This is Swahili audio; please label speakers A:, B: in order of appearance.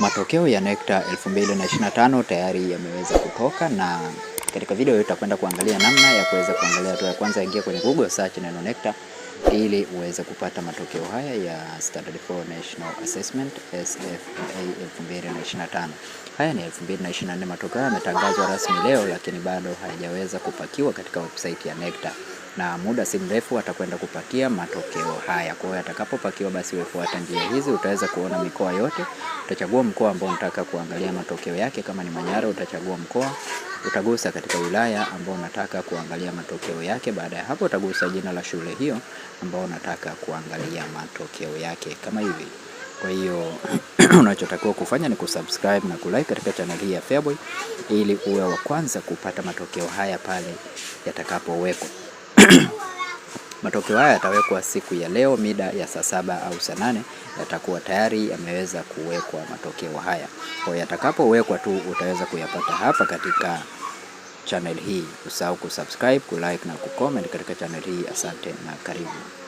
A: Matokeo ya NECTA 2025 tayari yameweza kutoka, na katika video hii tutakwenda kuangalia namna ya kuweza kuangalia. Hatua ya kwanza, ingia kwenye Google search neno NECTA ili uweze kupata matokeo haya ya Standard 4 National Assessment SFA 2025. Haya ni 2024, matokeo yametangazwa rasmi leo, lakini bado hayajaweza kupakiwa katika website ya NECTA na muda si mrefu atakwenda kupakia matokeo haya. Kwa hiyo atakapopakiwa, basi wefuata njia hizi, utaweza kuona mikoa yote. Utachagua mkoa ambao unataka kuangalia matokeo yake. Kama ni Manyara, utachagua mkoa, utagusa katika wilaya ambao unataka kuangalia matokeo yake. Baada ya hapo, utagusa jina la shule hiyo ambao unataka kuangalia matokeo yake kama hivi. Kwa hiyo unachotakiwa kufanya ni kusubscribe na kulike katika channel hii ya Feaboy ili uwe wa kwanza kupata matokeo haya pale yatakapowekwa. Matokeo haya yatawekwa siku ya leo mida ya saa saba au saa nane yatakuwa tayari yameweza kuwekwa matokeo haya. Kwa hiyo yatakapowekwa tu utaweza kuyapata hapa katika channel hii. Usahau kusubscribe, kulike na kucomment katika channel hii. Asante na karibu.